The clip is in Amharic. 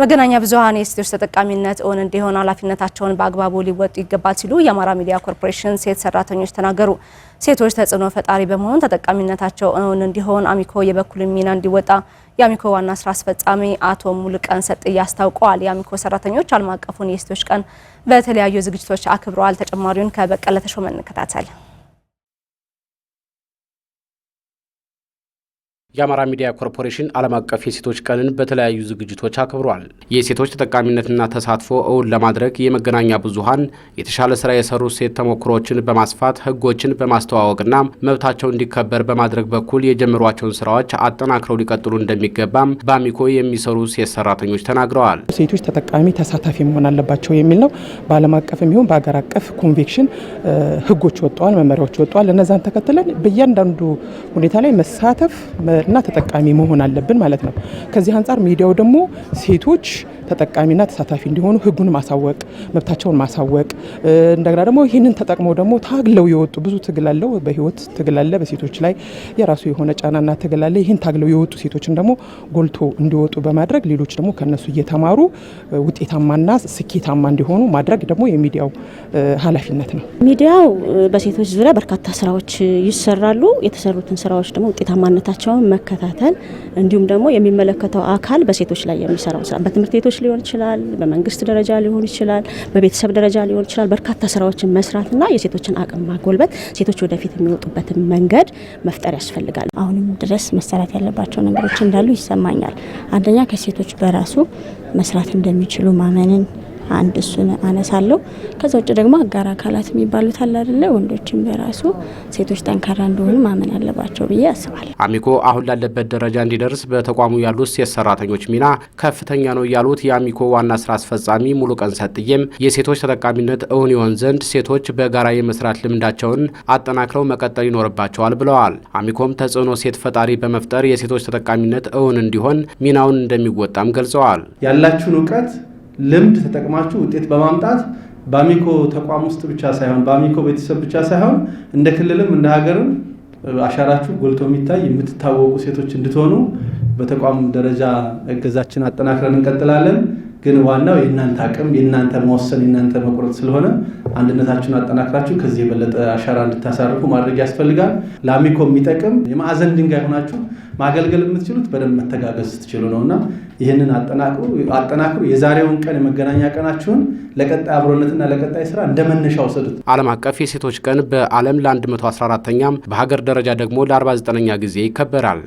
መገናኛ ብዙሃን የሴቶች ተጠቃሚነት እውን እንዲሆን ኃላፊነታቸውን በአግባቡ ሊወጡ ይገባል ሲሉ የአማራ ሚዲያ ኮርፖሬሽን ሴት ሰራተኞች ተናገሩ። ሴቶች ተጽዕኖ ፈጣሪ በመሆን ተጠቃሚነታቸው እውን እንዲሆን አሚኮ የበኩልን ሚና እንዲወጣ የአሚኮ ዋና ስራ አስፈጻሚ አቶ ሙልቀን ሰጥዬ አስታውቀዋል። የአሚኮ ሰራተኞች ዓለም አቀፉን የሴቶች ቀን በተለያዩ ዝግጅቶች አክብረዋል። ተጨማሪውን ከበቀለ ተሾመ እንከታተል። የአማራ ሚዲያ ኮርፖሬሽን ዓለም አቀፍ የሴቶች ቀንን በተለያዩ ዝግጅቶች አክብሯል። የሴቶች ተጠቃሚነትና ተሳትፎ እውን ለማድረግ የመገናኛ ብዙሃን የተሻለ ስራ የሰሩ ሴት ተሞክሮዎችን በማስፋት ህጎችን በማስተዋወቅና መብታቸው እንዲከበር በማድረግ በኩል የጀመሯቸውን ስራዎች አጠናክረው ሊቀጥሉ እንደሚገባም በአሚኮ የሚሰሩ ሴት ሰራተኞች ተናግረዋል። ሴቶች ተጠቃሚ ተሳታፊ መሆን አለባቸው የሚል ነው። በዓለም አቀፍ የሚሆን በሀገር አቀፍ ኮንቬክሽን ህጎች ወጥተዋል፣ መመሪያዎች ወጥተዋል። እነዛን ተከትለን በእያንዳንዱ ሁኔታ ላይ መሳተፍ መውሰድና ተጠቃሚ መሆን አለብን ማለት ነው። ከዚህ አንጻር ሚዲያው ደግሞ ሴቶች ተጠቃሚና ተሳታፊ እንዲሆኑ ህጉን ማሳወቅ፣ መብታቸውን ማሳወቅ እንደገና ደግሞ ይህንን ተጠቅመው ደግሞ ታግለው የወጡ ብዙ ትግል አለው። በህይወት ትግል አለ። በሴቶች ላይ የራሱ የሆነ ጫናና ትግል አለ። ይህን ታግለው የወጡ ሴቶችን ደግሞ ጎልቶ እንዲወጡ በማድረግ ሌሎች ደግሞ ከነሱ እየተማሩ ውጤታማና ስኬታማ እንዲሆኑ ማድረግ ደግሞ የሚዲያው ኃላፊነት ነው። ሚዲያው በሴቶች ዙሪያ በርካታ ስራዎች ይሰራሉ። የተሰሩትን ስራዎች ደግሞ ውጤታማነታቸውን በመከታተል እንዲሁም ደግሞ የሚመለከተው አካል በሴቶች ላይ የሚሰራው ስራ በትምህርት ቤቶች ሊሆን ይችላል፣ በመንግስት ደረጃ ሊሆን ይችላል፣ በቤተሰብ ደረጃ ሊሆን ይችላል። በርካታ ስራዎችን መስራትና የሴቶችን አቅም ማጎልበት፣ ሴቶች ወደፊት የሚወጡበትን መንገድ መፍጠር ያስፈልጋል። አሁንም ድረስ መሰራት ያለባቸው ነገሮች እንዳሉ ይሰማኛል። አንደኛ ከሴቶች በራሱ መስራት እንደሚችሉ ማመንን አንድ እሱን አነሳለሁ። ከዛ ውጭ ደግሞ አጋር አካላት የሚባሉት አለ አይደለ? ወንዶችም በራሱ ሴቶች ጠንካራ እንደሆኑ ማመን አለባቸው ብዬ አስባለሁ። አሚኮ አሁን ላለበት ደረጃ እንዲደርስ በተቋሙ ያሉት ሴት ሰራተኞች ሚና ከፍተኛ ነው ያሉት የአሚኮ ዋና ስራ አስፈጻሚ ሙሉቀን ሰጥዬም የሴቶች ተጠቃሚነት እውን ይሆን ዘንድ ሴቶች በጋራ የመስራት ልምዳቸውን አጠናክረው መቀጠል ይኖርባቸዋል ብለዋል። አሚኮም ተጽዕኖ ሴት ፈጣሪ በመፍጠር የሴቶች ተጠቃሚነት እውን እንዲሆን ሚናውን እንደሚወጣም ገልጸዋል። ያላችሁን እውቀት ልምድ ተጠቅማችሁ ውጤት በማምጣት በአሚኮ ተቋም ውስጥ ብቻ ሳይሆን በአሚኮ ቤተሰብ ብቻ ሳይሆን እንደ ክልልም እንደ ሀገርም አሻራችሁ ጎልቶ የሚታይ የምትታወቁ ሴቶች እንድትሆኑ በተቋም ደረጃ እገዛችን አጠናክረን እንቀጥላለን። ግን ዋናው የእናንተ አቅም የእናንተ መወሰን የእናንተ መቁረጥ ስለሆነ አንድነታችሁን አጠናክራችሁ ከዚህ የበለጠ አሻራ እንድታሳርፉ ማድረግ ያስፈልጋል። ለአሚኮ የሚጠቅም የማዕዘን ድንጋይ ሆናችሁ ማገልገል የምትችሉት በደንብ መተጋገዝ ስትችሉ ነው እና ይህንን አጠናክሩ። የዛሬውን ቀን የመገናኛ ቀናችሁን ለቀጣይ አብሮነትና ለቀጣይ ስራ እንደ መነሻ ውሰዱት። ዓለም አቀፍ የሴቶች ቀን በዓለም ለ114ኛም በሀገር ደረጃ ደግሞ ለ49ኛ ጊዜ ይከበራል።